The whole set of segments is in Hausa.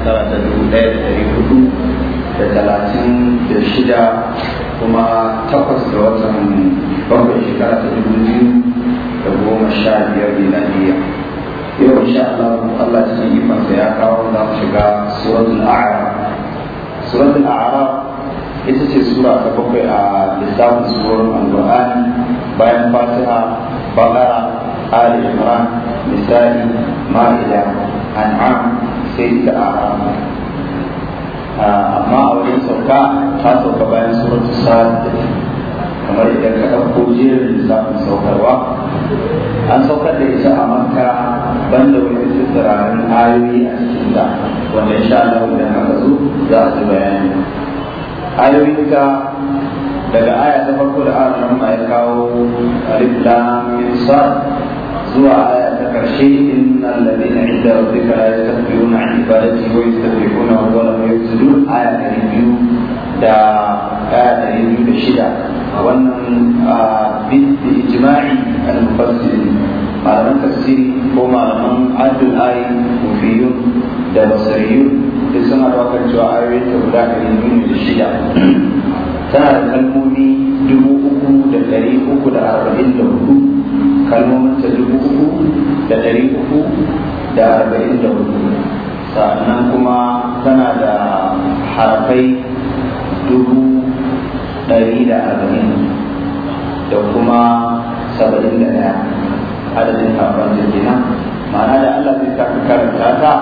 shekara da dubu ɗaya da ɗari hudu da talatin da shida kuma takwas da watan bakwai shekara ta dubu biyu da goma sha biyar da miladiya yau insha Allah Allah cikin ikonsa ya kawo za mu shiga suratul a'raf suratul a'raf ita ce sura ta bakwai a lissafin surorin alqur'ani bayan fatiha baqara ali imran misali ma'ida an'am sai ta amma a wajen sauka ta sauka bayan suratul sa'ad kamar idan ka ɗauko jerin lissafin saukarwa an saukar da ita a makka banda wani tsirarin ayoyi a cikin da wanda insha Allah idan aka zo za a ji bayani ayoyin ka daga aya ta farko da aka nan ya kawo alif lam min sad zuwa aya ta karshe in إن الذين عند ربك لا يستكبرون عن عبادته ويستكبرونه ولا يفسدون آية ريفيو دا آية ريفيو الشدة وأن بالإجماع المفسرين على من تفسيري هما من عدل الآية وفيون دا بصريون da suna daukar cewa ayoyin ta guda ka yi da shida tana da kalmomi dubu uku da ɗari uku da arba'in da hudu kalmomin ta dubu uku da dari uku da arba'in da hudu sannan kuma tana da harafai dubu dari da arba'in da kuma saba'in da ɗaya adadin harafan da ma'ana da Allah zai tafi karanta ta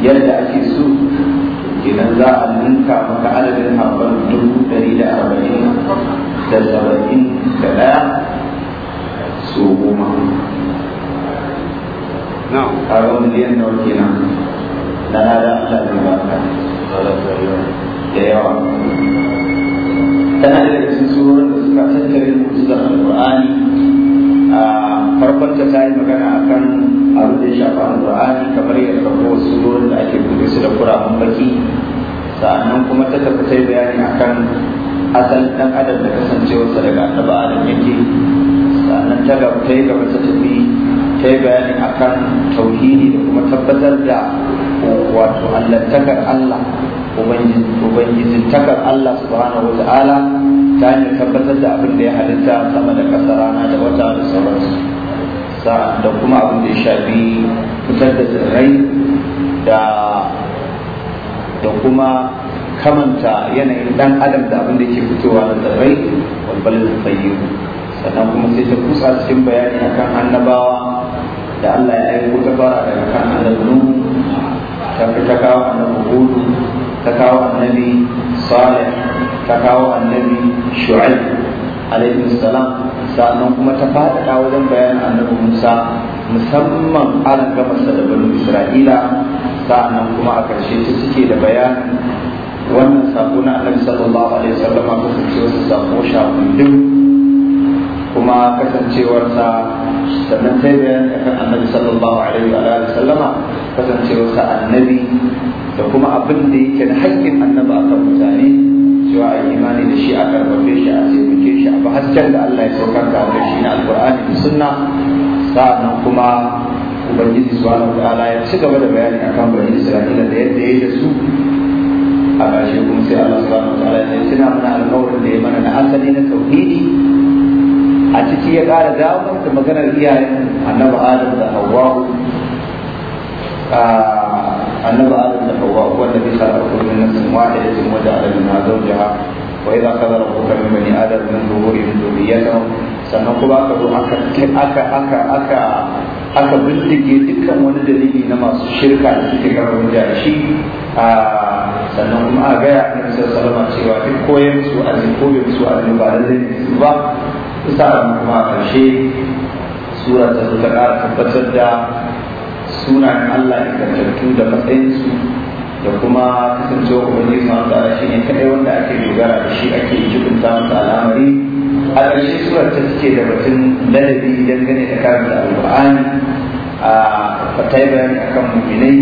yadda ake so idan za a ninka maka adadin harafan dubu dari da arba'in da saba'in da ɗaya so goma na kaga miliyan nawa kenan na nada Allah zai baka da yawa tana da cikin surorin da suka tattare mu'jizar alqur'ani a farkon ta ta yi magana akan abin da ya shafa alqur'ani kamar yadda wasu surorin da ake buɗe su da kurafin baki sa'annan kuma ta tafi ta bayani akan asalin dan adam da kasancewarsa daga annabi adam yake sannan ta ga ta yi gaba ta tafi ta yi bayani a kan tauhidi da kuma tabbatar da wato allantakar Allah ubangijintakar Allah subhanahu wata'ala ta hanyar tabbatar da abin da ya halitta sama da ƙasa rana da wata da sauransu da kuma abin da ya shafi fitar da tsirrai da da kuma kamanta yanayin dan adam da abin da ke fitowa da tsirrai walbalin tsayyuru sannan kuma sai ta kusa cikin bayani akan annabawa da Allah ya aiko ta fara daga kan annabi ta fi ta kawo annabi hudu ta kawo annabi salih ta kawo annabi shu'aib alaihi salam sannan kuma ta ta wajen bayanin annabi musa musamman an gama da banu isra'ila sannan kuma a ƙarshe ta suke da bayanin wannan sako na annabi sallallahu alaihi wasallam a kasance wasu sako shafin duk kuma kasancewarsa sannan sai da kan annabi sallallahu alaihi wa alihi sallama kasancewarsa annabi da kuma abin da yake da haƙƙin annabi akan mutane cewa a imani da shi a karfafe shi a taimake shi a hasken da Allah ya saukar da abin shi na alƙur'ani da sunna sa'annan kuma ubangiji subhanahu wa ta'ala ya ci gaba da bayani akan bani isra'ila da yadda ya yi su a ƙarshe kuma sai Allah subhanahu wa ta'ala ya tuna mana alƙawarin da ya mana na asali na tauhidi a ciki ya ƙara dawo da maganar iyayen annabi adam da hawa ah, annabi adam da hawa wanda bai sa ɗaukar min nafsin wahidatin wajen alamin na zaujaha وإذا أخذ ربك من بني آدم من ظهورهم ذريتهم sannan kuma aka zo aka aka aka aka aka bindige dukkan wani dalili na masu shirka da suke karɓar da shi a ah, sannan kuma a gaya a sallallahu alaihi wasallam cewa duk koyar su a ko bai su azin ba su ba kusa kuma karshe sura ta zo ta tabbatar da sunayen Allah ingantattu da matsayinsu da kuma kasancewa su sama ta'ala shi ne kadai wanda ake dogara da shi ake jibinta masa al'amari a ƙarshe surar ta suke da batun ladabi dangane da karanta al'ubu'ani a fatai bayani akan muminai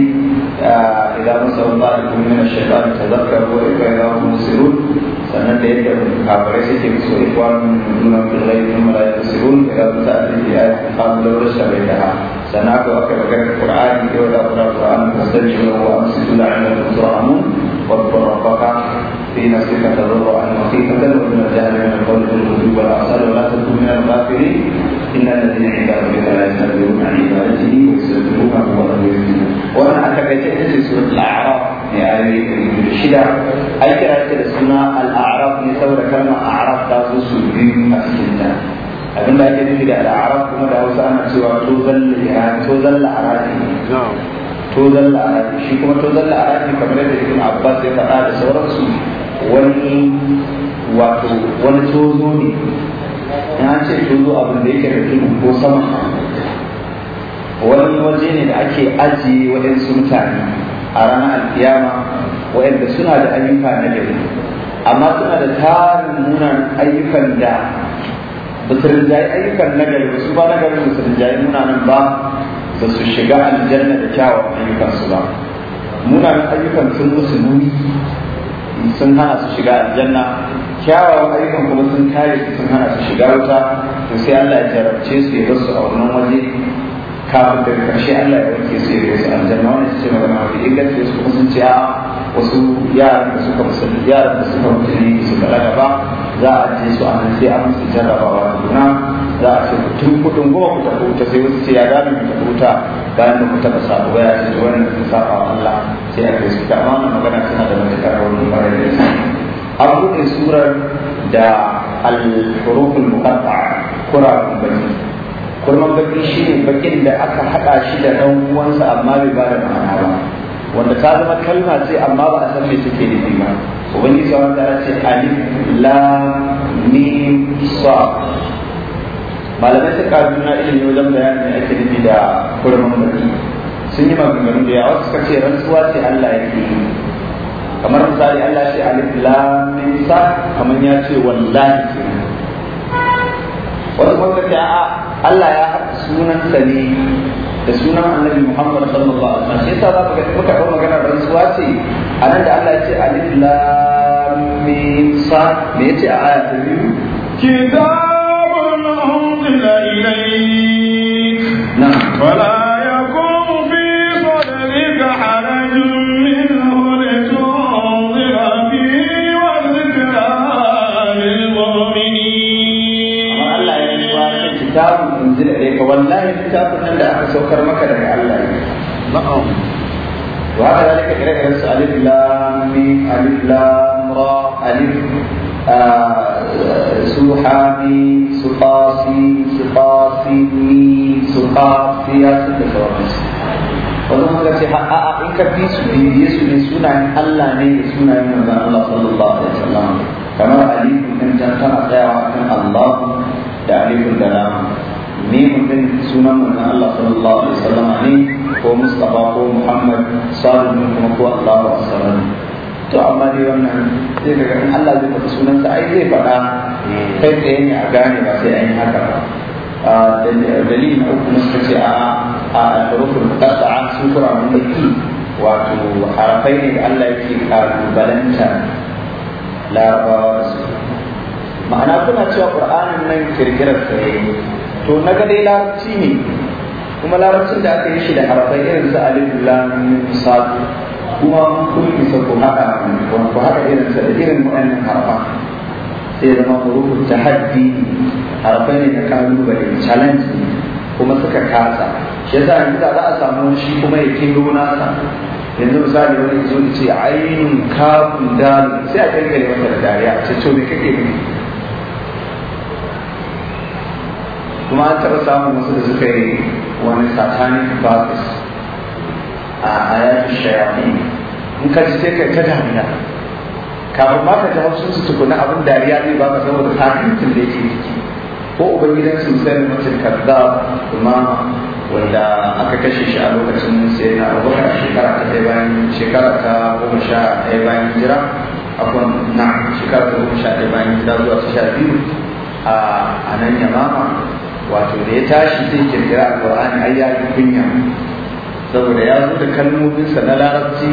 إذا مسوا الله بكم da الشيطان تذكروا وإذا هم musulun Karena dia tidak berkabar sih Jika suikwan itu Melayu Tersebut Kita bisa Di ayat Alhamdulillah Bersyabedah Sana aku akan Bagaimana Quran Di kita Quran Dan juga Allah Masjidullah Dan Surahmu Berapakah Di nasib Kata Allah Al-Masih Dan Berjalan Dengan Kondisi Berasal Dan Tentu Minal Bakiri Inna Nadine Kita Berjalan Dengan Dengan Dengan Dengan Dengan Dengan Dengan Dengan Dengan Dengan Dengan Dengan Dengan Dengan Dengan Dengan mai ayoyi ɗari shida an kira ta da suna al'araf ne saboda kalmar a'raf ta zo su biyu a cikin ta abin da ake nufi da al'araf kuma da hausa ana cewa to zalla arafi to zalla arafi shi kuma to zalla arafi kamar yadda ibn abbas ya faɗa da sauransu wani wato wani tozo ne ya ce tozo abin da yake rikin ko sama wani waje ne da ake ajiye waɗansu mutane a ranar alkiyama wa'anda suna da ayyuka na gari amma suna da tarin munan ayyukan da ba su rinjaye ayyukan na gari ba su ba na gari ba su rinjaye munanan ba ba su shiga aljanna da kyawun ayyukansu ba munanan ayyukan sun musu nuni sun hana su shiga aljanna kyawawan ayyukan kuma sun kare su sun hana su shiga wuta to sai Allah ya jarabce su ya basu a wannan waje kafin daga karshe Allah ya wanke su ya su aljanna wannan ita ce magana mafi inganci wasu kuma sun ce a wasu yaran da suka musulmi yaran da suka musulmi su balaga ba za a je su a sai an musu jarrabawa juna za a ce tun kudin goma ku tafi wuta sai wasu ce ya gane mu tafi wuta bayan da mu taɓa sabo ya ce wannan sun saba Allah sai a kai su ta amma magana tana da matuƙar wani ƙwarai da su an buɗe surar da al-huruful muqatta'a kura bani kuma baki shi ne bakin da aka haɗa shi da ɗan uwansa amma bai ba da ma'ana ba wanda ta zama kalma ce amma ba a san me take nufi ba ubangiji wanda ya ce alif lam mim sa malamai suka juna ilimi wajen bayanin da ake nufi da kurmin baki sun yi maganganu da yawa suka ce rantsuwa ce Allah ya yi kamar misali Allah ce alif lam mim sa kamar ya ce wallahi wani kuma ta a Allah ya haɗa sunansa ne da sunan annabi Muhammad sallallahu alaihi wasallam sai yasa za ka ga muka kawo magana da rantsuwa ce a nan da Allah ya ce alif lam mim sa me yace a aya ta biyu kitabun unzila ilayk na wala كتاب انزل اليك والله الكتاب كان لها سكر ما كان لك الله نعم وهذا ذلك كريم يحس الف لام ميم الف لام را الف آه، سوحا ميم سقاسي سقاسي ميم سقاسي ياسر تصور ولما قلت لها اعطيك آه، آه، في سبيل يسوع يسوع عن الله نبي يسوع عن الله صلى الله عليه وسلم كما اليكم ان جنتنا خيرا عن الله da alifin da rama ne mutum sunan manzon Allah sallallahu alaihi wasallam ne ko Mustafa ko Muhammad sallallahu alaihi kuma ko Allah sallallahu to amma dai wannan sai kaga ganin Allah zai sunan sunansa ai zai faɗa kai tsaye ne a gane ba sai an yi haka ba dalilin da uku suka ce a a rufin mutasa'a sun kura mun da wato harafai ne da Allah yake kalubalanta larabawa da su ma'ana kuna cewa qur'anin nan kirkirar sa ne. to na ga dai larabci ne kuma larabcin da aka yi shi da harafai irin su alif lam sad kuma kun isa ku haka ku haka irin sa da irin waɗannan harfa sai zama hurufun tahaddi harafai ne da kalubale challenge kuma suka kasa shi yasa yanzu da za a samu shi kuma ya kiro nasa yanzu misali wani zo ce ainun kafin dalu sai a kankare masa da dariya ce me kake ne kuma an taɓa samun wasu da suka yi wani satanic bathos a ayatun shayafi in ka ji sai kai ta dariya kafin ma ka ji hausun su tukuna abin dariya ne ba ka saboda takintin da yake ciki ko ubangidan su sai mutum kaza kuma wanda aka kashe shi a lokacin sai na rubuta shekara ta ɗaya bayan shekara ta goma sha ɗaya bayan jira akwai na shekara ta goma sha ɗaya bayan jira zuwa ta sha biyu a nan yamama wato da ya tashi zai kirkira alqur'ani ai ya yi kunya saboda ya zo da kalmominsa na larabci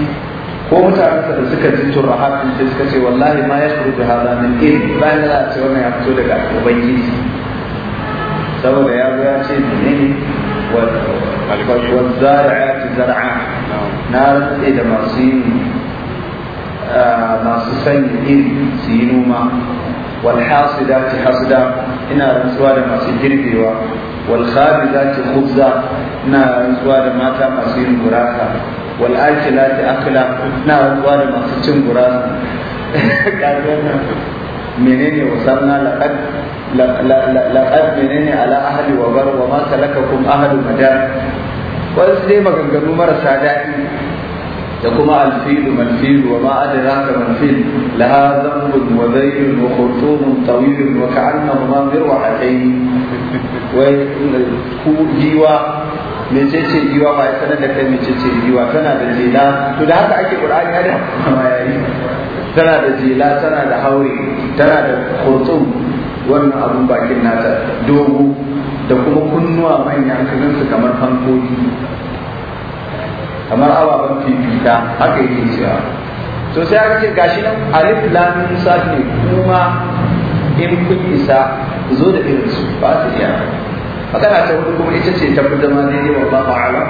ko mutanensa da suka ji turrahat sai suka ce wallahi ma ya shuru da hada min in bayan da ce wannan ya fito daga ubangiji saboda ya zo ya ce menene والزارعات زرعا نار إذا masu سين ما ah, su yi noma. wal hasidati hasda ina rantsuwa da masu girbewa wal khabizati khubza ina rantsuwa da mata masu yin gurasa wal akilati akla ina rantsuwa da masu cin gurasa menene wasanna laqad laqad menene ala ahli wa bar wa ma dai maganganu marasa daɗi da kuma alfilu manfilu wa ma adraka manfil laha dhanbun wa dayrun wa khurtumun tawilun wa ka'annahu ma mirwa'atayn wai ku giwa mecece giwa ba ya sanar da kai mecece giwa tana da jela to da haka ake qur'ani ya da yayi tana da jela tana da haure tana da khurtum wannan abun bakin nata dogo da kuma kunnuwa manya kanin su kamar fankoki kamar ababen fifita haka yake cewa to sai aka ce gashi nan alif lam mim ne kuma in kun isa ku zo da irin su ba su iya magana ta wani kuma ita ce ta fi zama daidai wallahu a'lam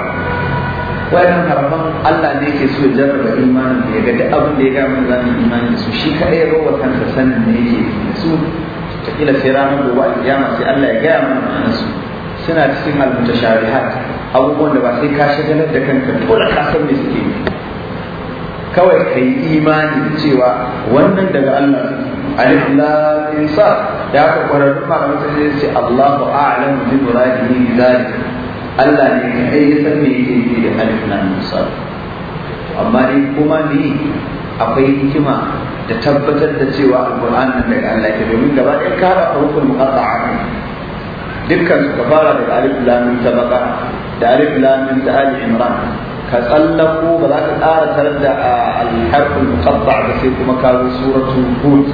wayannan harfan Allah ne yake so ya jarraba imanin da ya ga duk abin da ya ga mun zamu imani su shi kaɗai ya rawa kansa sanin ne yake su ta kila sai ranar gobe a kiyama sai Allah ya gaya mana su suna cikin shari'a abubuwan da ba sai ka shagalar da kanka dole ka san me suke kawai ka yi imani cewa wannan daga Allah alif lam sa da aka kwararru malamin sai sai Allahu a'lamu bi muradihi zalik Allah ne kai ya san me yake yi da alif lam sa amma dai kuma ni akwai hikima da tabbatar da cewa alqur'an nan daga Allah ke domin gaba ɗaya ka haɗa hukun muqatta'a dukkan su fara daga alif lam ta baka da alif lam ta ali imran ka tsallaku ba za ka tsara tare da alharfin muqatta da sai kuma ka zo suratul hud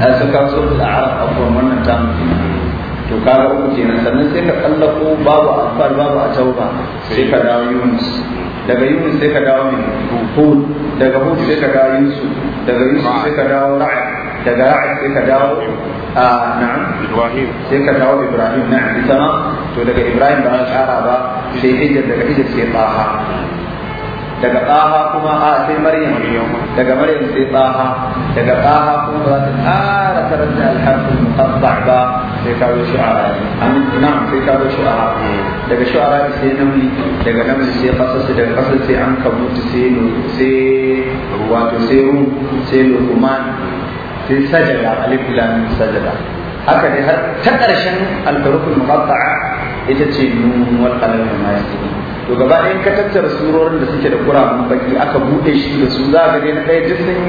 a su ka suratul a'raf abuwan wannan ta to ka ga uku kenan sannan sai ka tsallaku babu alfar babu a tauba sai ka dawo yunus daga yunus sai ka dawo mai hud daga hud sai ka dawo yusuf daga yusuf sai ka dawo ra'ayi daga ra'ad sai ka dawo na'am ibrahim sai ka dawo ibrahim na'am bi sama to daga ibrahim ba za ƙara ba sai hijjar daga hijjar sai tsaha daga tsaha kuma a sai maryam daga maryam sai tsaha daga tsaha kuma ba za ta ƙara tarar da alharfin mutabba ba sai ka zo shu'ara amin na'am sai ka zo shu'ara daga shu'ara sai namli daga namli sai qasas daga qasas sai an kabutu sai sai wato sai ru sai lukuman. sai sajada alif lam sajada haka dai har ta ƙarshen quran muqatta'a ita ce nun wal qalam ma yasjudun to gaba ɗaya ka tattara surorin da suke da kuramin baki aka buɗe shi da su za ga na ɗaya duk sun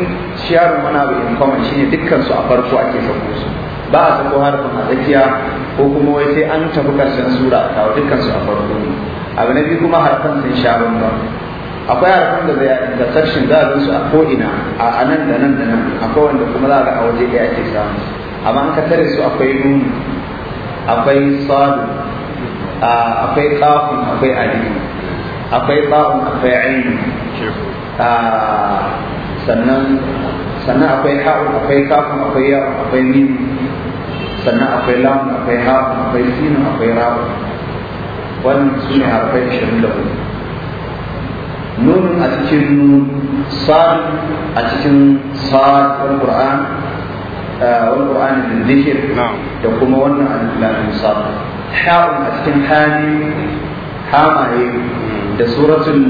shiyar mana da information shine dukkan su a farko ake sako su ba a sako harfin a tsakiya ko kuma wai sai an tafi karshen sura a dukkan su a farko abu na biyu kuma harkan sun sha bambam akwai harfin da zai da section za a su a ko'ina a nan da nan da nan akwai wanda kuma za a a waje da ake samu amma an katare su akwai nuni akwai sadu akwai tsafin akwai aliyu akwai tsafin akwai aini sannan sannan akwai ha'un akwai kafin akwai yawon akwai min sannan akwai lamun akwai ha'un akwai sinin akwai rawun wannan su ne harfai 24 nun a cikin nun sad a cikin sad wal qur'an eh, wal qur'an min dhikr da kuma wannan al sad ha'un a cikin hali hamaye da suratun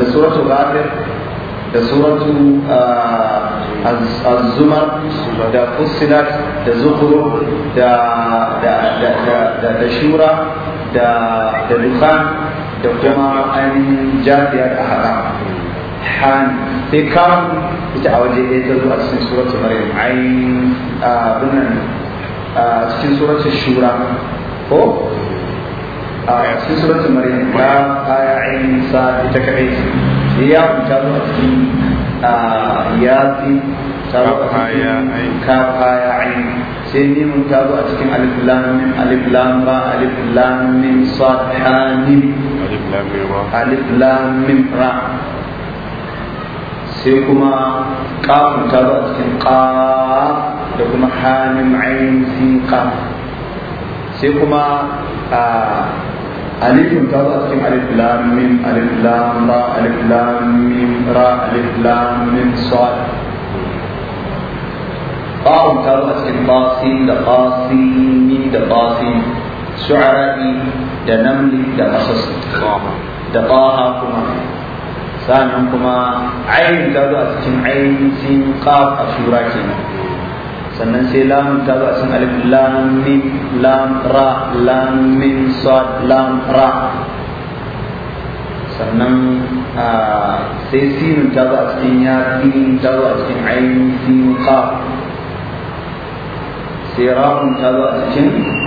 da suratul ghafir da suratu eh, azuma, da fussilat da zukhruf da da da shura da da dukhan da kuma ainihin jafiyar a haram han sai kam ita a waje ɗaya zo a cikin suratul maryam ayin a cikin suratul shura ko a cikin suratul maryam ba aya ayin sa ita ya ta zo a cikin ta a cikin kafaya sai ta zo a cikin alif lam mim alif lam ba alif lam mim alif lam mim ra sai kuma kafin ta zo a cikin ka da kuma hamim ayin sin ka sai kuma alifin ta zo a cikin alif lam mim alif lam ra alif lam mim ra alif lam mim ta zo a cikin da qasin da shu'ara'i da namli da kasas da taha kuma sannan kuma ayin ta zo a cikin ayin sin qaf a shura kenan sannan sai lam ta zo a cikin alif lam mim lam ra lam mim sad lam ra sannan sai sinin ta zo a cikin ya sinin ta zo a cikin ayin sin qaf sai ra'un ta zo a cikin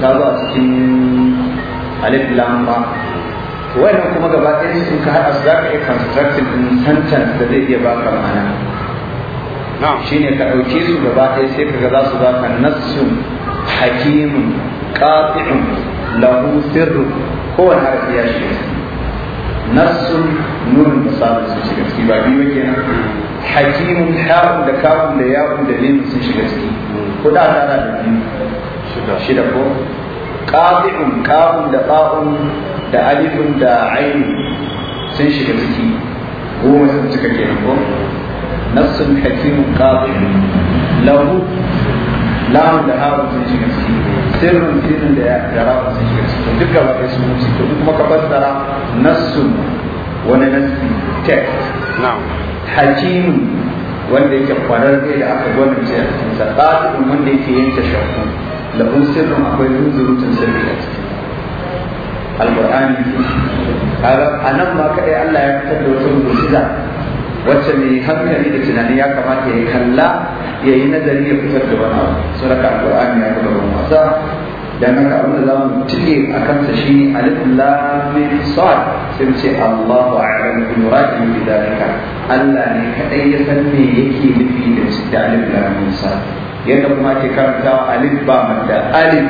ta zo a cikin alif lamba wannan kuma gaba ɗaya sun ka haɗa su za ka iya constructing din sentence da zai iya baka ma'ana shine ka ɗauke su gaba ɗaya sai ka ga za su baka nassun hakim qati'un lahu sirru kowane harfi ya shi Nasu nurun da samun sun shiga ciki ba biyu kenan hakimun ha'un da kafin da ya'un da lin sun shiga ciki hudu a tara da biyu shida ko ƙafi'un ƙafun da ba'un da alifun da ainihin sun shiga ciki goma sun cika kenan ko nafsun hakimun ƙafi'un lahu lamun da harun sun shiga ciki sirrin dinin da ya rawa sun shiga ciki duk gaba ɗaya sun wuce to kuma ka fassara nafsun wani nafsi na hakimun wanda yake kwararre da aka ce a cikin sa ɗaɗin wanda yake yin da kun sirrin akwai zurutun sirri a cikin alƙur'ani a nan ma kaɗai Allah ya fitar da wata mu'jiza wacce mai hankali da tunani ya kamata ya kalla ya yi nazari ya fitar da wani abu suraka ya wasa dan haka abin da zamu tike a kansa ne alif lam mim sad sai mu ce Allahu a'lam bi muradi bi dalika Allah ne kadai ya san me yake nufi da da alif lam mim sad yadda kuma ake karanta alif ba madda alif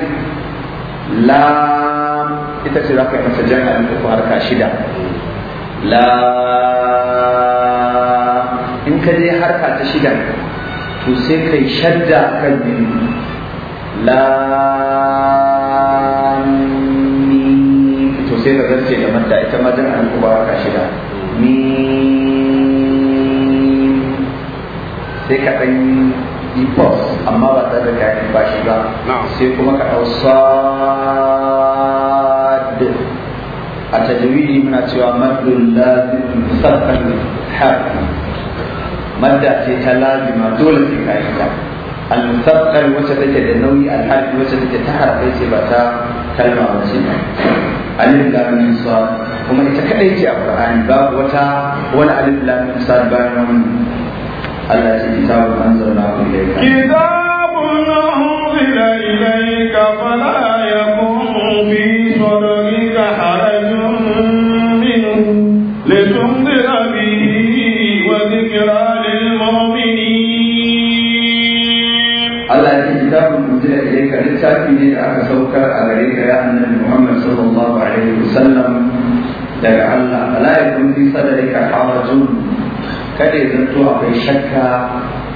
lam ita ce za ka yi jan alif ko harka shida la in ka je harka ta shida to sai kai shadda kan Lami. to sai ka zarce da madda ita ma dan an kuma ka shida mim sai ka dan yi pause amma ba tare da ba shi ba sai kuma ka dau sad a tajwidi muna cewa maddul lazim sarfan ha madda ce ta lazima dole sai ka yi ta al-musaqqal wacce take da nauyi al-harfi wacce take ta harafai ce ba ta kalma ba ce alif lam mim sad kuma ita kadai ce a qur'ani babu wata wani alif lam mim sad bayan wani. Allah ya ce kitabun anzalnahu ilayka kitabun anzalnahu ilayka fala littafi ne da aka saukar a gare ka ya annabi Muhammad sallallahu alaihi wasallam daga Allah ala kun fi sadrika harajun kada ya zanto akwai shakka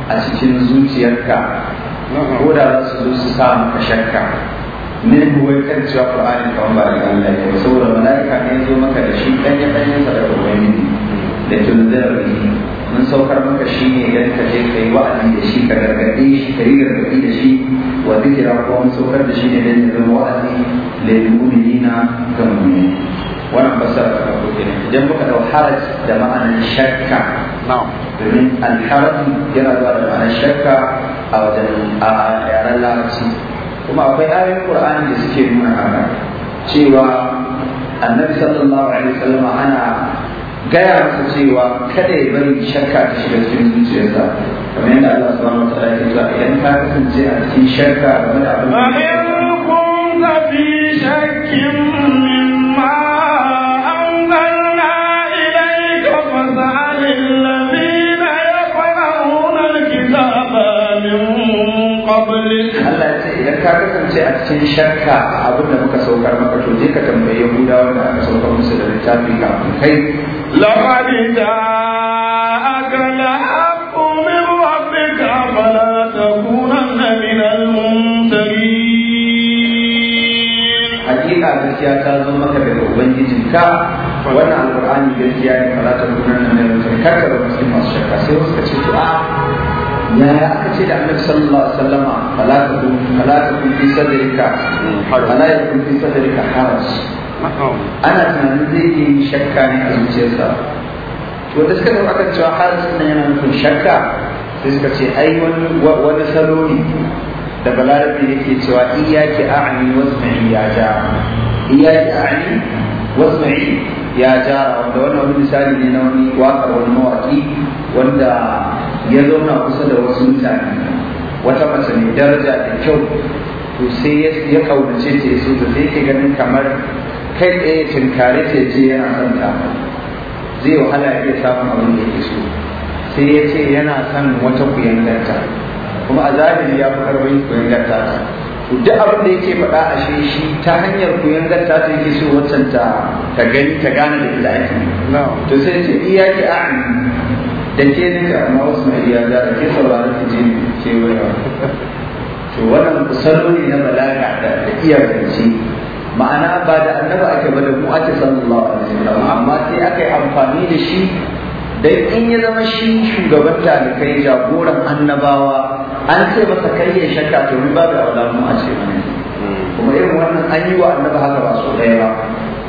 a cikin zuciyarka ko da za su zo su sa maka shakka ne wai kan cewa Qur'ani kan ba da Allah ya saboda malaika ne zo maka da shi dan ya dan ya sadaka da tunzar ne mun saukar maka shi ne don ka je ka yi da shi ka gargaɗe shi ka yi gargaɗi da shi wa zikira kuma mun saukar da shi ne don ya zama wa'azi lilmu'minina ga mu'mini wannan fasara ta farko kenan idan muka dau haraj da ma'anar shakka domin alharaj yana zuwa da ma'anar shakka a wajen a yaren larabci kuma akwai ayoyin qur'ani da suke nuna haka cewa annabi sallallahu alaihi wasallam ana gaya masa cewa kada ya bari shakka ta shiga cikin zuciyarsa kamar yadda Allah subhanahu wa ta'ala ya ce idan ka kasance a cikin shakka game da abin da fi shakkin mimma anzalna ilayka fas'alil ladina yaqra'una al-kitaba min qablik Allah ya ce idan ka kasance a cikin shakka abin da muka saukar maka to je ka tambaye Yahudawa da aka saukar musu da littafi kafin kai لقد جاءك الحق من ربك فلا تكونن من الممترين حقيقة gaskiya ta zo maka daga ubangijinka wannan alqur'ani gaskiya ne fara ta gudanar da mutum karka da mutum masu shakka sai wasu ce to a ya aka ce da annabi sallallahu alaihi wasallama fala ta fala ta fi sadrika fala ya fi sadrika ana tunanin zai yi shakka ne a zuciyarsa wanda suka zama aka cewa har suna yana nufin shakka sai suka ce ai wani salo ne da balarabe yake cewa iyaki a'ani wasma'i ya ja iyaki a'ani wasma'i ya ja wanda wannan wani misali ne na wani waƙar wani mawaƙi wanda ya zauna kusa da wasu mutane wata mace mai daraja da kyau to sai ya kaunace ta ya da sai ke ganin kamar kai tsaye tunkare ta ce yana son ta zai wahala ya iya samun abin da yake so sai ya ce yana son wata kuyangarta kuma a zahiri ya fi karbin kuyangarta ta to duk abin da yake faɗa a shi shi ta hanyar kuyangarta ta yake so wancan ta ta gani ta gane da ita ake to sai ce iya ki a da ke nika amma wasu mai iya da ke sauraron ki je ke wani to wannan kusurri na balaga da iya zance ma'ana ba da annaba ake ba da mu ake sallallahu alaihi wasallam amma sai aka yi amfani da shi dan in ya zama shi shugaban talikai jagoran annabawa an ce masa kai ya shakka to ba da aulamu a ce kuma irin wannan an yi wa annaba haka ba so ɗaya ba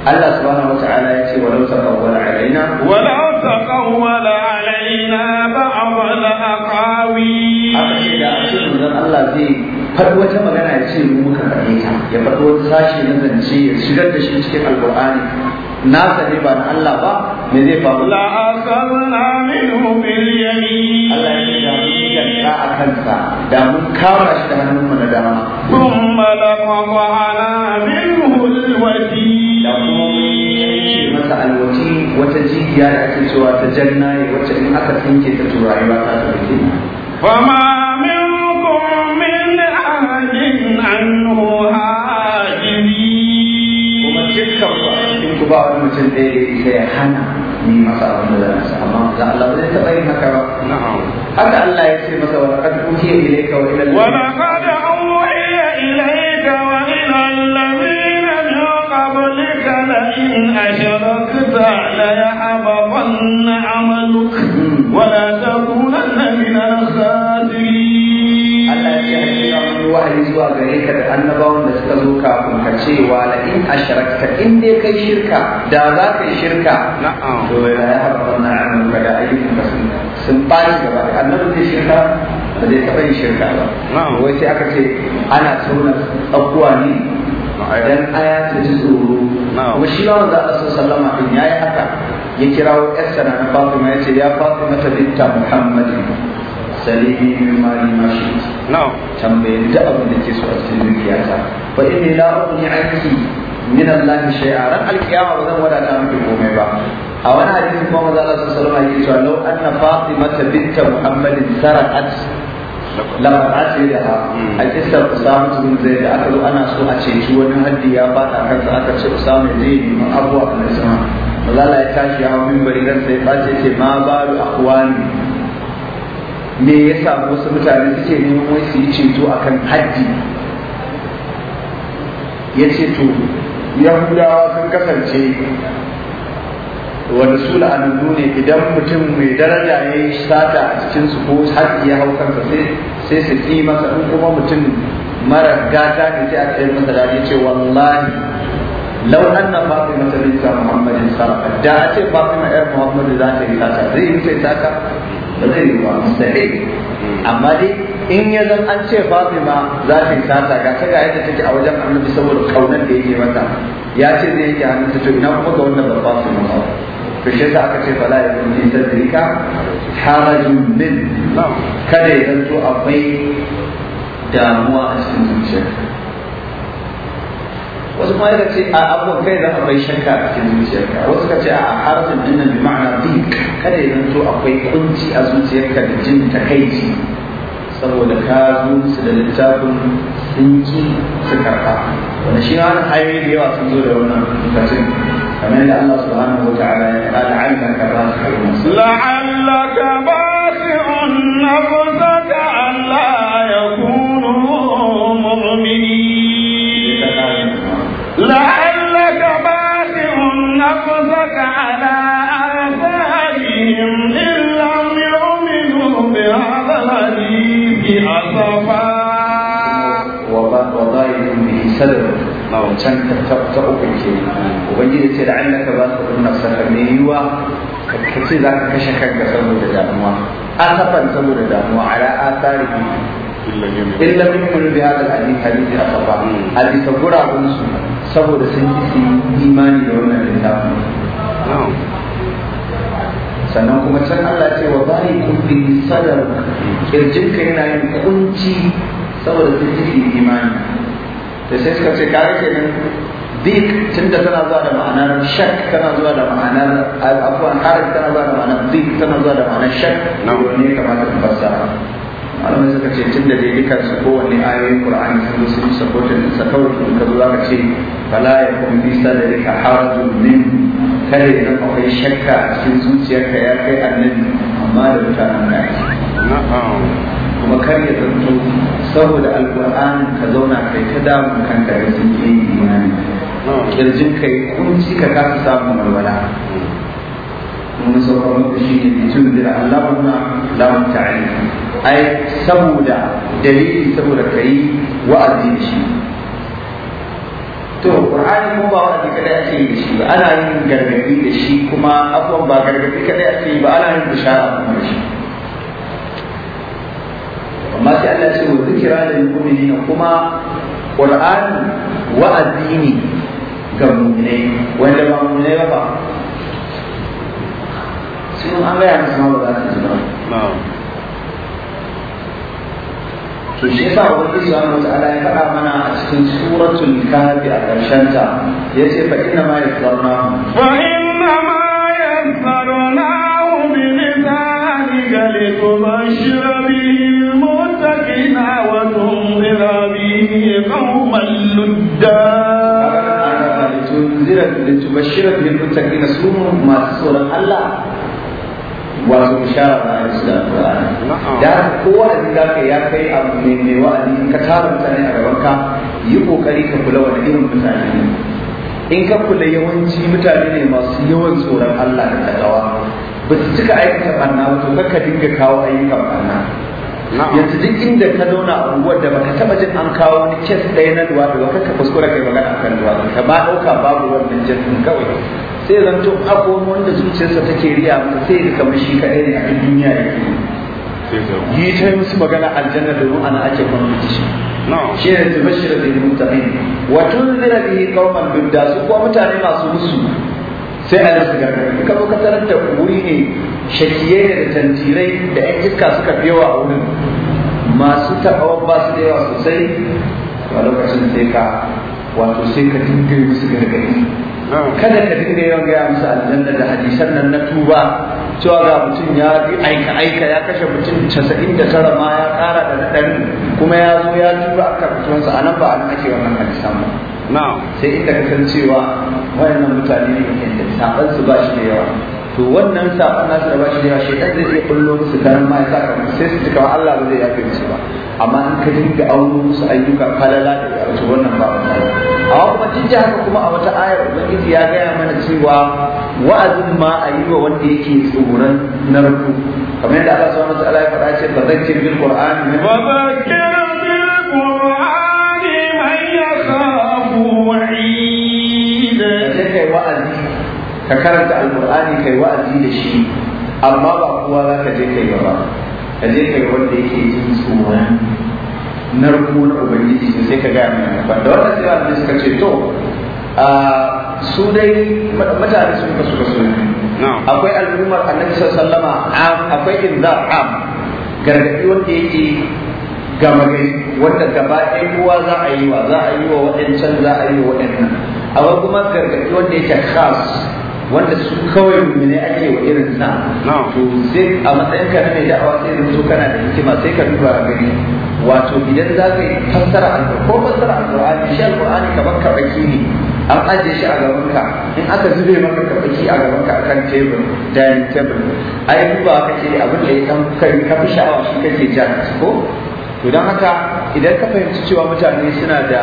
Allah subhanahu wata'ala ya ce walau taqawwala alaina walau taqawwala alaina ba'd al-aqawi haka da Allah zai faɗi wata magana ya ce mu muka faɗe ta ya faɗi wata sashi na zance ya shigar da shi cikin alkur'ani Na ne ba na Allah ba me zai faru la asabna minhu bil yamin Allah ya da mun a kansa da mun kama shi da hannun mu na dama thumma ala minhu al wadi da mun masa alwati wata jigiya da ake cewa ta janna wacce in aka tsinke ta turayi ba ta tafi fama عنه حاجبين ومن تكفى ni masa da Allah zai taɓa yin haka ba haka Allah ya ce masa wa ilayka wa wa uhiya ilayka wa min qablika la in ashrakta la hmm. wa la wahayi zuwa gare ka da annabawan da suka zo kafin ka ce wa la in ashrakta in dai kai shirka da za ka yi shirka na'am to ya haɓa wannan ayyukan da ayyukan ka sun da ba annabawan da shirka ba zai taɓa yin shirka ba na'am wai sai aka ce ana tsona abuwa ne dan aya ta ji tsoro kuma shi ma wanda Allah sallama din yayi haka ya kirawo yarsa na Fatima ce ya Fatima ta binta Muhammadin sanihi abin da ke so a cikin dukiya ta fa inni la uqni ran alqiyama ba zan wada ta komai ba a wani hadisi kuma manzo Allah sallallahu alaihi wasallam yake cewa da a kisar usamu da aka zo ana so a ce shi wani haddi ya bata kansa aka ce usamu zai yi abuwa kan sama ya tashi ya hau mimbari ransa ya me ya samu wasu mutane suke neman wai su yi ceto akan haddi ya ce to yahudawa sun kasance Wani su la'anannu ne idan mutum mai daraja ya yi sata a cikinsu ko haddi ya hau kansa sai su ƙi masa in kuma mutum mara gata ne sai a tsaye masa ce wallahi lau an na kai masa rinsa muhammadin sarrafa da a ce ba kai yar muhammadu za ta yi sata zai yi sai sata zai yi mustahil amma dai in ya zan an ce Fatima za ta yi sata ga ta ga yadda take a wajen Annabi saboda kaunar da yake mata ya ce zai yake hannun ta to ina kuma ga wannan ba Fatima ba to shi yasa aka ce fala ya kun yi sadrika harajun min kada ya zanto akwai damuwa a cikin zuciyarka wasu ma yadda ce a abubuwan kai da akwai shakka a cikin zuciyarka wasu ka ce a harfin din nan bi bi kada ya zanto akwai kunci a zuciyarka da jin takaici saboda ka zo da littafin sun ki su karɓa Wani shi ma ayoyi da yawa sun zo da wannan lokacin kamar yadda Allah subhanahu wa ta'ala ya ƙara alaka ba su la'allaka ba su wancan ta uku ke ubangiji ce da annaka ba su kunna saka me yiwa ka ce za ka kashe kanka saboda damuwa asaban saboda damuwa ala asari in biya yakunu bi hadha al-hadith hadith asaba hadith gurabun su saboda sun yi imani da wannan littafin sannan kuma can Allah ce wa bari kulli sadar kirjinka yana yin kunci saboda sun yi imani da sai suka ce kare kenan dik tunda tana zuwa da ma'anar shak tana zuwa da ma'anar abubuwan harin tana zuwa da ma'anar dik tana zuwa da ma'anar shak na wani kamata ta fasa malamai suka ce tun da dai su kowanne ayoyin qur'ani sun zo sun supportin din sa kawai tun ka zuwa ka ce bala ya kuma bisa da sadrika harajun min kare na akwai shakka a cikin zuciyarka ya kai annabi amma da mutanen na kuma kar ya zanto saboda alƙur'anin ka zauna kai ta damun kanka ya sun ke yin imani kirjin kai kunci ka kasa samun walwala domin sauran wanda shi ne tun da Allah wannan lamun ta'ali ai saboda dalili saboda kai wa'azi da shi to qur'ani kuma ba wa'azi kada ya yi da shi ba ana yin gargadi da shi kuma abubuwan ba gargadi kada ya yi ba ana yin bishara kuma da shi amma sai Allah ce wa zikira da mu'minin kuma qur'ani wa azini ga mu'minai wanda ba mu'minai ba sun an gaya musu ma da za su ji ba to shi yasa wani Allah ya faɗa mana a cikin suratul kafi a ƙarshen ta yace fa inna ma yasarna fa inna ma yasarna bi lisanika shi. عليه قوما لدا لتبشر به المتقين سوهم ما سورة الله wato bishara ba ya da Qur'ani da kowa da za ka ya kai abu ne mai wa'azi ka tara mutane a gaban ka yi kokari ka kula wani irin mutane ne in ka kula yawanci mutane ne masu yawan tsoron Allah da takawa ba su cika aikata barna ba to kakka dinga kawo ayyukan barna yanzu duk inda ka zauna a unguwar da baka taba jin an kawo wani kes ɗaya na duwatsu ba kanka kuskura kai magana kan duwatsu ka ba ɗauka babu wannan jirgin kawai sai zan zanto abubuwan wanda zuciyarsa take riya sai ka kamar shi kaɗai ne a duk duniya ke. yi ta yi musu magana aljanna domin ana ake da shi Shi ne ta bashi da zai mutu ne wato zira bihi kauman bidda su kuma mutane masu musu sai a nasu gargaɗi ka zo ka tarar da wuri ne shakiyai da tantirai da yan iska suka fi yawa a wurin masu taɓawa ba su da yawa sosai a lokacin sai ka wato sai ka dinga yi musu gargaɗi kada ka dinga yawan gaya musu aljanna da hadisan nan na tuba cewa ga mutum ya bi aika aika ya kashe mutum casa'in da tara ma ya ƙara da na ɗari kuma ya zo ya tuba a karɓuwansa a nan ba a ake wannan hadisan ba sai inda ka san cewa wayannan mutane ne da su ba shi da yawa to wannan na nasu da bashi yawa shekan zai iya kullo musu karan ma ya kamar sai su cika Allah ba zai yafe musu ba amma in ka dinga auno musu ayyuka falala da ya to wannan ba a kuma duk da haka kuma a wata ayar ubangiji ya gaya mana cewa wa'azin ma a yi wa wanda yake tsoron narko kamar yadda Allah subhanahu wa ta'ala ya faɗa ce fadakir bil ba ba fadakir bil qur'ani man yakhafu wa'id sai kai wa'azi ka karanta alqur'ani kai wa'azi da shi amma ba kowa za ka je kai ba ka je kai wanda yake jin tsoron narko na ubangiji da sai ka gaya mai ba da wannan sai wanda suka ce to su dai mutane sun suka so akwai al'ummar annabi sallallahu alaihi akwai inzar am gargadi wanda yake gama gari wanda gaba ɗaya kowa za a yi wa za a yi wa waɗancan za a yi wa waɗannan akwai kuma gargadi wanda yake khas wanda su kawai mummune ake wa irin sa to sai a matsayin ka mai da'awa sai da so kana da hikima sai ka duba gani wato idan za ka yi fassara alƙur'ani ko fassara alƙur'ani shi alƙur'ani kamar karɓaki ne an ajiye shi a gaban ka in aka zube maka karɓaki a gaban ka akan tebur dining table ai duba kake abin da ya san kai ka fi sha'awa shi kake ja ko to don haka idan ka fahimci cewa mutane suna da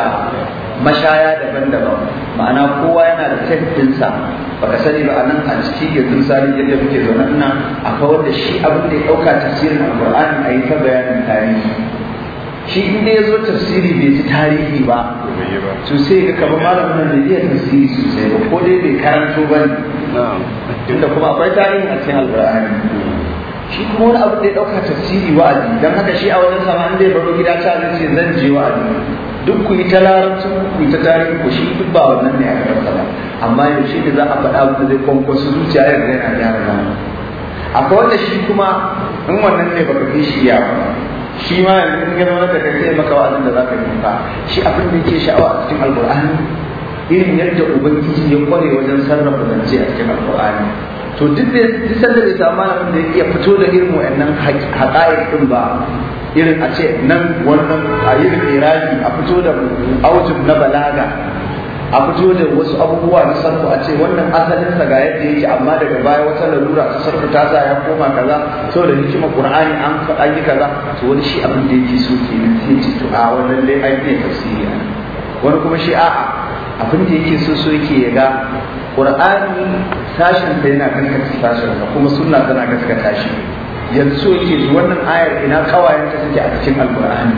mashaya daban-daban ma'ana kowa yana da tattinsa baka sani ba anan a ciki yanzu misali yadda muke zaune ina akwai wanda shi abin da ya dauka tafsirin alqur'ani a yi ta bayanin tarihi shi inda ya zo tafsiri bai ji tarihi ba to sai ga kamar malamin nan bai iya tafsiri sosai ba ko dai bai karanto ba ne tunda kuma akwai tarihin a cikin alqur'ani shi kuma wani abu da ya dauka tafsiri wa'azi don haka shi a wajen sama an ya baro gida ta zai ce zan je wa'azi duk ku yi ta larabci ku yi ta tarihi ku shi duk ba wannan ne a kan ba amma yaushe da za a faɗa ku zai su zuciya ya zai na gyara ba akwai wanda shi kuma in wannan ne baka fi shi ya ba shi ma yanzu in gano ka kake maka wa'azin da za ka yi ba shi abin da yake sha'awa a cikin alƙur'ani irin yadda ubangiji ya kware wajen sarrafa zance a cikin alƙur'ani to duk da duk sanda samu malamin da ya fito da irin wa'annan haƙa'iq din ba irin a ce nan wannan a irin iraki a fito da aujin na balaga a fito da wasu abubuwa na sarku a ce wannan asalin sa ga yadda yake amma daga baya wata lalura ta sarku ta sa ya koma kaza da hikima qur'ani an faɗa yi kaza to wani shi abin da yake so ke nan sai ce to a wannan dai an ne tafsiri wani kuma shi a'a abin da yake so so yake ya ga qur'ani sashin da yana tashin sashin kuma sunna tana gaskata shi yanzu so yake su wannan ayar ina ta suke a cikin alkur'ani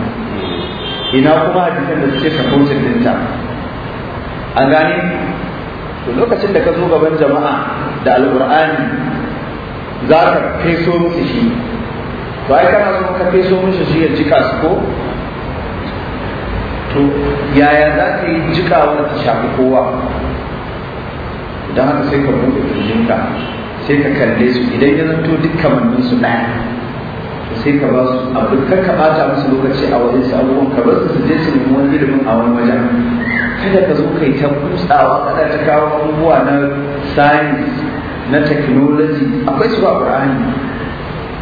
ina kuma hadisan da suke supporting dinta an gane to lokacin da ka zo gaban jama'a da alkur'ani za ka feso musu shi ba ya kana zo ka feso musu shi ya jika su ko to yaya za ka yi jikawa ta shafi kowa don haka sai ka buɗe ka sai ka kalle su idan ya zanto duk kamannin su ɗaya sai ka ba su abu kar ka ta musu lokaci a wajen su abubuwan ka bar su su je su nemi wani ilimin a wani wajen kada ka zo kai ta kutsawa kada ta kawo abubuwa na science na technology akwai su ba ƙur'ani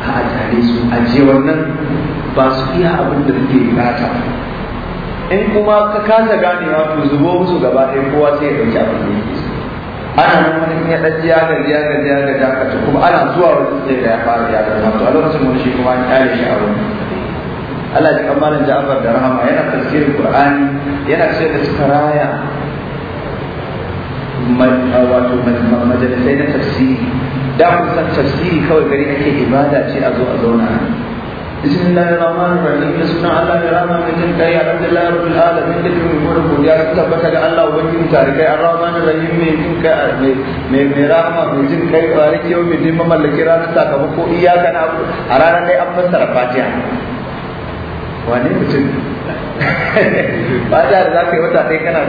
a tare su a wannan ba su iya abin da suke rata in kuma ka kasa ganewa to zubo musu gaba ɗaya kowa sai ya ɗauki abin da yake ana wani ya ɗaji ya gaji ya gaji ya gaji aka kuma ana zuwa wani tsaye da ya fara ya gaji wato a lokacin wani shi kuma an kyale shi a wani Allah ji kamalin Ja'far da rahama yana tafsirin Qur'ani yana ce da suka raya wato majalisai na tafsiri da kun san tafsiri kawai gari ake ibada ce a zo a zauna بسم الله الرحمن الرحيم سنة الله الرحمن الرحيم كي الحمد لله رب العالمين كي تكون ربك يا رب تبارك يا الله وبين تارك الرحمن الرحيم من كي من من رحمة من جن كي بارك يوم من دم ملك رانا ساكبو إياك نعبد أرانا كي أفسر فاتحة wane mutum ba da za ka yi wata ɗaya kana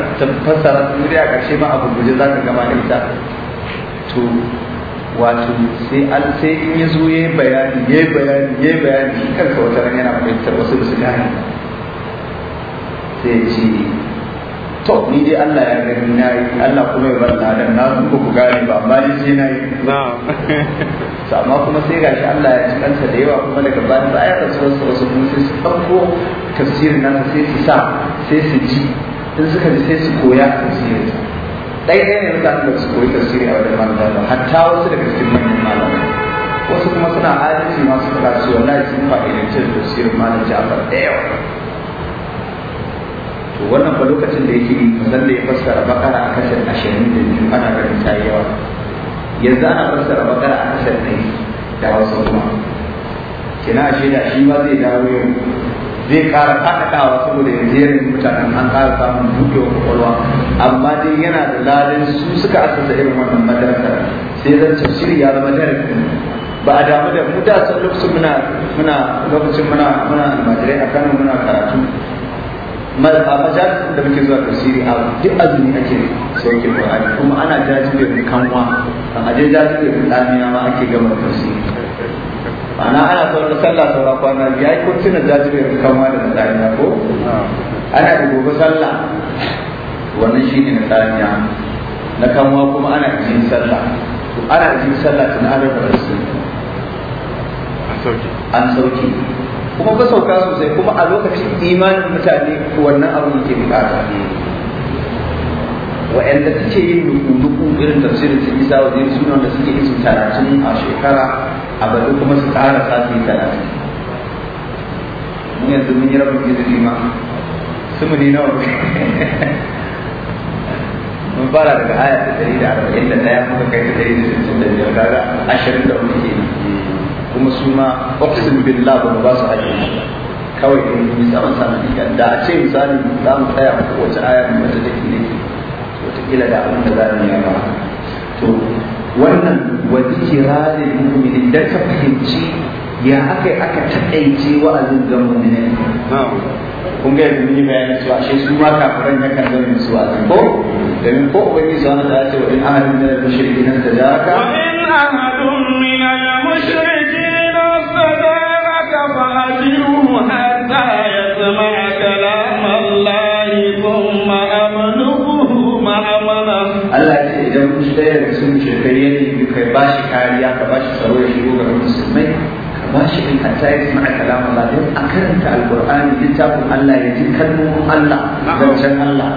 fassara duniya ƙarshe ma abu guje za ka gama da ita to wato sai an sai in ya zo yi bayani yi bayani ya yi bayani shi kanka wata ran yana fahimtar wasu da su gane sai ce to ni dai Allah ya gani na yi Allah kuma ya bar ladan na su ku gane ba amma ni sai na yi to amma kuma sai gashi Allah ya ci kansa da yawa kuma daga bayan ba ya kasu wasu wasu mun sai su farko tafsirin nan sai su sa sai su ji in suka ji sai su koya tafsirin ɗaya ne mutanen da su koyi tasiri a wajen manzan ba hatta wasu daga cikin manyan malamai wasu kuma suna adalci masu kula wannan wallahi sun fa'idanci da tafsirin malam Ja'far da yawa to wannan ba lokacin da yake musan da ya fassara bakara a kashin ashirin da biyu ana ganin ta yawa yanzu ana fassara bakara a kashin ɗari da wasu kuma kina ashe da shi ma zai dawo yau zai ƙara faɗaɗawa saboda yanzu yanayin mutanen an ƙara samun wa kwakwalwa amma dai yana da ladin su suka asasa irin wannan madarasa sai zan ce shiri ya zama darasin ba a damu da mu da sun lokacin muna muna lokacin muna muna almajirai a kano muna karatu a majalisun da muke zuwa tafsiri a duk azumi ake sauke Qur'ani kuma ana jajibe mai kanwa a je jajibe mai damiya ma ake gama tafsiri ana ana sauran sallah sauran kwana ya yi kurtuna jajibe kama da tsariya ko ah. ana da gobe sallah wannan shine na tsanya na kama kuma ana jin sallah to ana jin sallah tun ana da rasu an sauki kuma ka sauka sosai kuma a lokacin imanin mutane wannan abu ke bukata wa'anda suke yin duku-duku irin tafsirin su isa wa zai suna da suke yin talatin a shekara a bari kuma su ƙara sati talatin mun yanzu mun yi rabin gizuri ma sumu ne nawa mun fara daga aya ta ɗari da arba'in da ɗaya muka kai ta ɗari da sittin da biyar kaga ashirin da ke kenan kuma su ma oxin billah ba mu ba su hajji kawai in yi saman saman da a ce misali za mu tsaya maka wace aya mu mata take ne kila da abin da za mu yi ba to wannan wani kirarin mu'minin da ka fahimci ya aka yi aka taƙaice wa'azin ga mu'minin kun ga yanzu yi bayanin cewa shi su ma kafiran ya kan zama su wa'azin ko domin ko wani zuwa da ya ce wa in ahadin da mushriki nan da jaraka wa in ahadun min al-mushriki nan da jaraka fa ajiruhu hatta ba shi kariya ka ba shi tsaro ya shigo ga musulmai ka ba shi in hatta ya sami kalam Allah don a karanta alqur'ani littafin Allah ya ji kalmomin Allah zancen Allah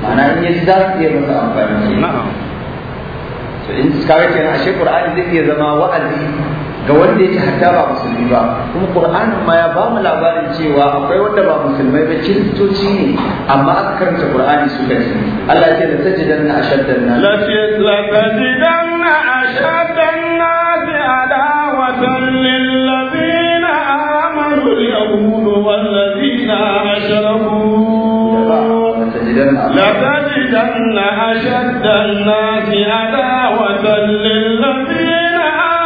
ma'ana in ya ji za su iya masa amfani to in kawai kenan ashe qur'ani zai iya zama wa'azi ga wanda ci hatta ba musulmi ba kuma qur'ani ma ya ba mu labarin cewa akwai wanda ba musulmai ba kiristoci ne amma aka karanta qur'ani su ji Allah ya ce la tajidanna ashaddan la na. أشد الناس عداوة للذين آمنوا اليهود والذين أشركوا لتجدن أشد الناس عداوة للذين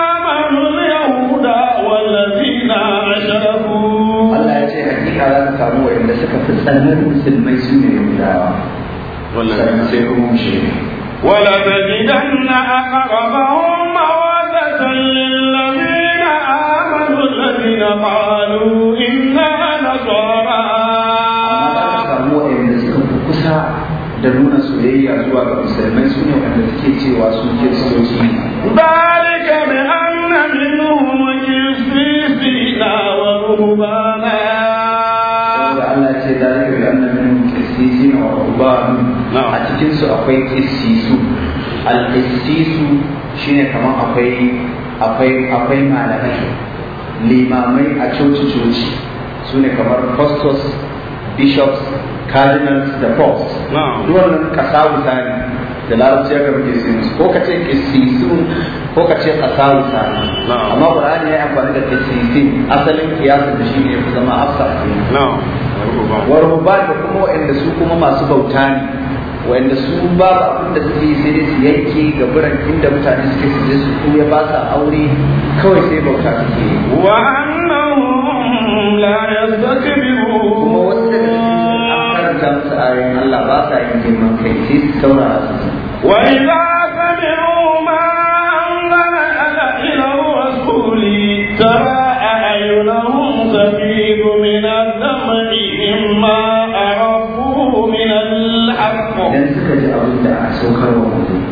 آمنوا اليهود والذين أشركوا الله يجزي حقيقة لا تتعبوا إلا سكت السنة المسلمين سنة يهوداوا والذين سيكون مشركين ولتجدن أقربهم مودة للذين آمنوا الذين قالوا إنا da nuna soyayya zuwa ga musulmai sun yi wanda suke cewa sun ke sojoji ba ni ga na minu wa kirsti na wa rubuwa a cikin su akwai qissisu al qissisu shine kamar akwai akwai akwai malamai limamai a coci coci su ne kamar pastors bishops cardinals da popes duk wannan kasawusa ne da larabci ya gaba kisimus ko ka ce ko ka ce kasawusa amma qur'ani ya yi amfani da kisisin asalin kiyasa da shi ne ya fi zama afsa wa da kuma waɗanda su kuma masu bauta ne wanda su ba abin da suke sai dai su yanke ga buran inda mutane suke su je su kuya ba sa aure kawai sai bauta su suke wa annahum la yastakbirun kuma wanda an karanta musu ayoyin Allah ba sa yin girman kai sai su saurara su wa idza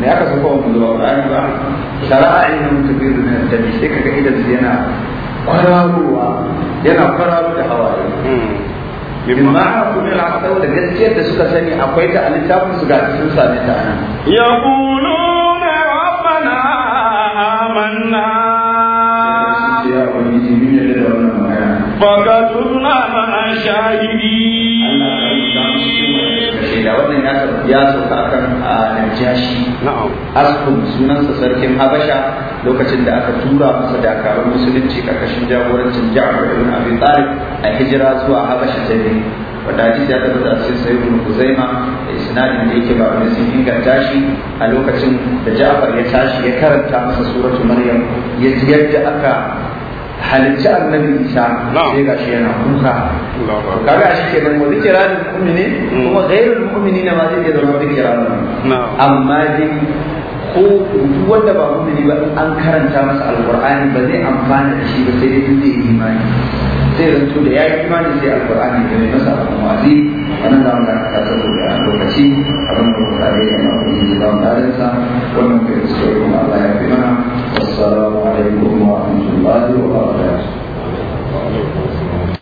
me aka san kowa mun zuwa Qur'ani ba shara'a ilmin kabiru ne da sai kaga idan yana kwararowa yana kwararo da hawaye بما كل العقل da gaskiyar da suka sani akwai ta a su ga sun same ta anan yaquluna rabbana amanna fakatuna ma shahidi da wannan ya ya sauka akan najashi askun sunansa sarkin habasha lokacin da aka tura masa dakarun musulunci karkashin jagorancin ja'far ibn abin tsari a hijira zuwa habasha ta ne wanda hadisi ya tabbata a cikin sahih ibn kuzaima da isnadin da yake ba sun inganta shi a lokacin da ja'far ya tashi ya karanta masa suratu maryam ya ji yadda aka halicci annabi isa sai ga shi yana kuka kaga shi ke nan wani kiranin mu'mini mm. kuma gairul mu'mini na ma zai iya zama wani kiranin amma dai ko wanda ba mu'mini ba an karanta masa alqur'ani ba zai amfana da shi ba sai dai zai imani sai zanto da ya yi imani sai alqur'ani da ne masa abu mazi wannan za mu ga ta saboda lokaci abin da ku tare da mafi da mu tare sa wannan kai su yi Allah ya fi mana assalamu alaikum lado ao resto.